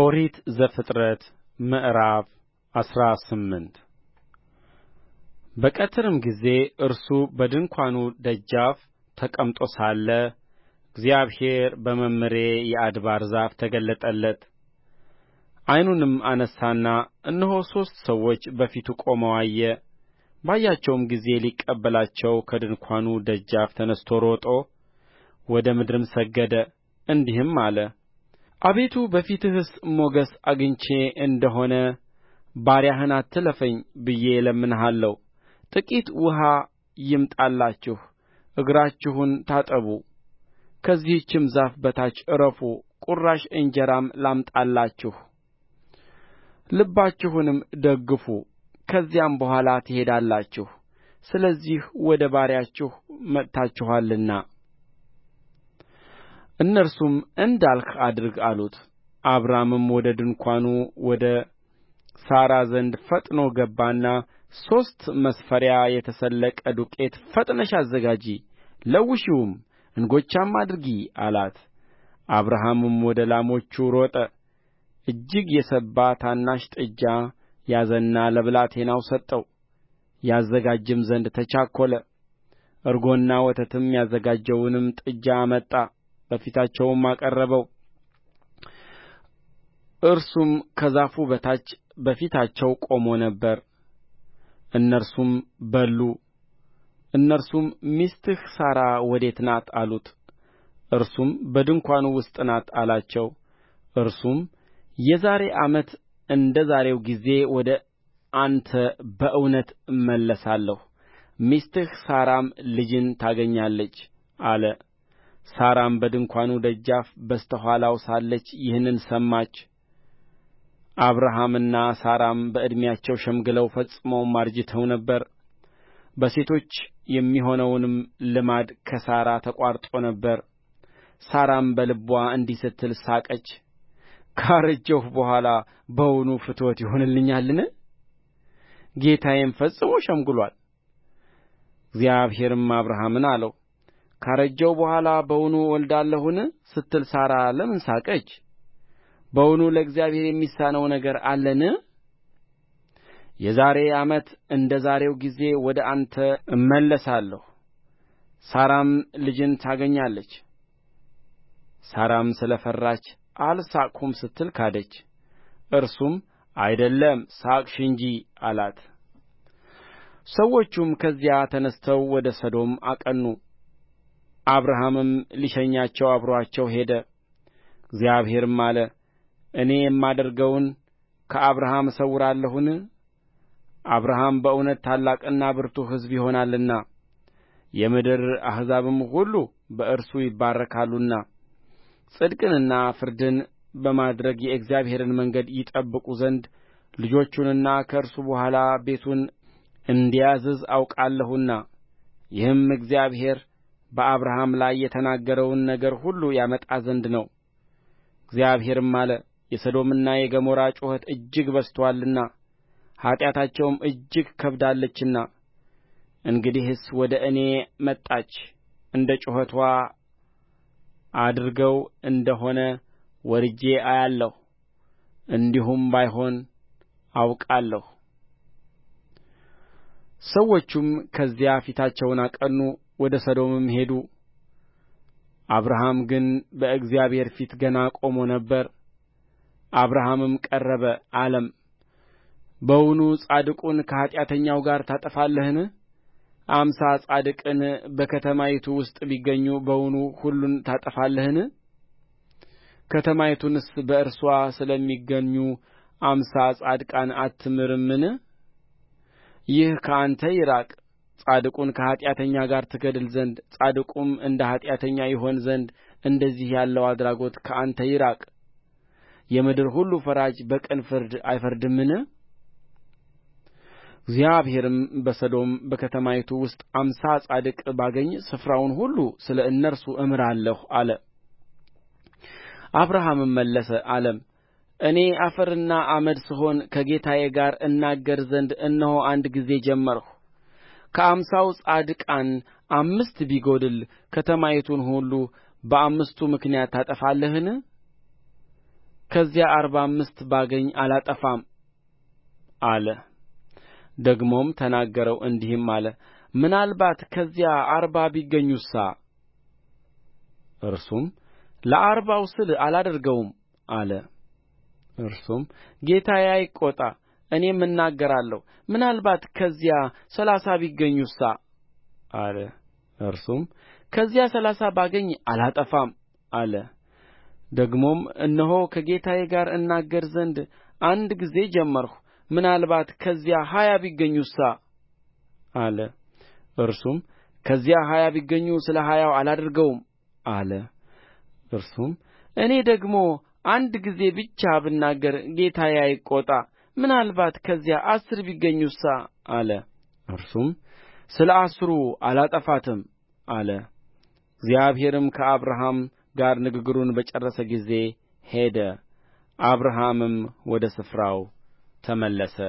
ኦሪት ዘፍጥረት ምዕራፍ አስራ ስምንት በቀትርም ጊዜ እርሱ በድንኳኑ ደጃፍ ተቀምጦ ሳለ እግዚአብሔር በመምሬ የአድባር ዛፍ ተገለጠለት ዓይኑንም አነሣና እነሆ ሦስት ሰዎች በፊቱ ቆመው አየ ባያቸውም ጊዜ ሊቀበላቸው ከድንኳኑ ደጃፍ ተነሥቶ ሮጠ ወደ ምድርም ሰገደ እንዲህም አለ አቤቱ በፊትህስ ሞገስ አግኝቼ እንደ ሆነ ባሪያህን አትለፈኝ ብዬ እለምንሃለሁ ጥቂት ውኃ ይምጣላችሁ እግራችሁን ታጠቡ ከዚህችም ዛፍ በታች ዕረፉ ቍራሽ እንጀራም ላምጣላችሁ ልባችሁንም ደግፉ ከዚያም በኋላ ትሄዳላችሁ ስለዚህ ወደ ባሪያችሁ መጥታችኋልና እነርሱም እንዳልህ አድርግ አሉት አብራምም ወደ ድንኳኑ ወደ ሣራ ዘንድ ፈጥኖ ገባና ሦስት መስፈሪያ የተሰለቀ ዱቄት ፈጥነሽ አዘጋጂ ለውሺውም እንጎቻም አድርጊ አላት አብርሃምም ወደ ላሞቹ ሮጠ እጅግ የሰባ ታናሽ ጥጃ ያዘና ለብላቴናው ሰጠው ያዘጋጅም ዘንድ ተቻኰለ እርጎና ወተትም ያዘጋጀውንም ጥጃ አመጣ በፊታቸውም አቀረበው እርሱም ከዛፉ በታች በፊታቸው ቆሞ ነበር እነርሱም በሉ እነርሱም ሚስትህ ሣራ ወዴት ናት አሉት እርሱም በድንኳኑ ውስጥ ናት አላቸው እርሱም የዛሬ ዓመት እንደ ዛሬው ጊዜ ወደ አንተ በእውነት እመለሳለሁ ሚስትህ ሣራም ልጅን ታገኛለች አለ ሣራም በድንኳኑ ደጃፍ በስተ ኋላው ሳለች ይህንን ሰማች አብርሃምና ሣራም በዕድሜአቸው ሸምግለው ፈጽመው አርጅተው ነበር በሴቶች የሚሆነውንም ልማድ ከሣራ ተቋርጦ ነበር ሣራም በልብዋ እንዲህ ስትል ሳቀች ካረጀሁ በኋላ በውኑ ፍትወት ይሆንልኛልን ጌታዬም ፈጽሞ ሸምግሎአል እግዚአብሔርም አብርሃምን አለው ካረጀው በኋላ በውኑ እወልዳለሁን ስትል ሣራ ለምን ሳቀች በውኑ ለእግዚአብሔር የሚሳነው ነገር አለን የዛሬ ዓመት እንደ ዛሬው ጊዜ ወደ አንተ እመለሳለሁ ሣራም ልጅን ታገኛለች ሣራም ስለ ፈራች አልሳቅሁም ስትል ካደች እርሱም አይደለም ሳቅሽ እንጂ አላት ሰዎቹም ከዚያ ተነሥተው ወደ ሰዶም አቀኑ አብርሃምም ሊሸኛቸው አብሮአቸው ሄደ እግዚአብሔርም አለ እኔ የማደርገውን ከአብርሃም እሰውራለሁን አብርሃም በእውነት ታላቅና ብርቱ ሕዝብ ይሆናልና የምድር አሕዛብም ሁሉ በእርሱ ይባረካሉና ጽድቅንና ፍርድን በማድረግ የእግዚአብሔርን መንገድ ይጠብቁ ዘንድ ልጆቹንና ከእርሱ በኋላ ቤቱን እንዲያዝዝ አውቃለሁና ይህም እግዚአብሔር በአብርሃም ላይ የተናገረውን ነገር ሁሉ ያመጣ ዘንድ ነው እግዚአብሔርም አለ የሰዶምና የገሞራ ጩኸት እጅግ በዝቶአልና ኃጢአታቸውም እጅግ ከብዳለችና እንግዲህስ ወደ እኔ መጣች እንደ ጩኸትዋ አድርገው እንደሆነ ወርጄ አያለሁ እንዲሁም ባይሆን አውቃለሁ ሰዎቹም ከዚያ ፊታቸውን አቀኑ ወደ ሰዶምም ሄዱ አብርሃም ግን በእግዚአብሔር ፊት ገና ቆሞ ነበር አብርሃምም ቀረበ አለም በውኑ ጻድቁን ከኃጢአተኛው ጋር ታጠፋለህን አምሳ ጻድቅን በከተማይቱ ውስጥ ቢገኙ በውኑ ሁሉን ታጠፋለህን ከተማይቱንስ በእርስዋ ስለሚገኙ አምሳ ጻድቃን አትምርምን ይህ ከአንተ ይራቅ ጻድቁን ከኃጢአተኛ ጋር ትገድል ዘንድ ጻድቁም እንደ ኃጢአተኛ ይሆን ዘንድ እንደዚህ ያለው አድራጎት ከአንተ ይራቅ የምድር ሁሉ ፈራጅ በቅን ፍርድ አይፈርድምን እግዚአብሔርም በሰዶም በከተማይቱ ውስጥ አምሳ ጻድቅ ባገኝ ስፍራውን ሁሉ ስለ እነርሱ እምራለሁ አለ አብርሃምም መለሰ አለም እኔ አፈርና አመድ ስሆን ከጌታዬ ጋር እናገር ዘንድ እነሆ አንድ ጊዜ ጀመርሁ ከአምሳው ጻድቃን አምስት ቢጐድሉ ከተማይቱን ሁሉ በአምስቱ ምክንያት ታጠፋለህን ከዚያ አርባ አምስት ባገኝ አላጠፋም አለ ደግሞም ተናገረው እንዲህም አለ ምናልባት ከዚያ አርባ ቢገኙሳ እርሱም ለአርባው ስል አላደርገውም አለ እርሱም ጌታዬ አይቆጣ እኔም እናገራለሁ ምናልባት ከዚያ ሠላሳ ቢገኙሳ አለ እርሱም ከዚያ ሠላሳ ባገኝ አላጠፋም አለ ደግሞም እነሆ ከጌታዬ ጋር እናገር ዘንድ አንድ ጊዜ ጀመርሁ ምናልባት ከዚያ ሀያ ቢገኙሳ አለ እርሱም ከዚያ ሀያ ቢገኙ ስለ ሀያው አላደርገውም አለ እርሱም እኔ ደግሞ አንድ ጊዜ ብቻ ብናገር ጌታዬ አይቆጣ ምናልባት ከዚያ አሥር ቢገኙሳ አለ እርሱም ስለ አሥሩ አላጠፋትም አለ እግዚአብሔርም ከአብርሃም ጋር ንግግሩን በጨረሰ ጊዜ ሄደ አብርሃምም ወደ ስፍራው ተመለሰ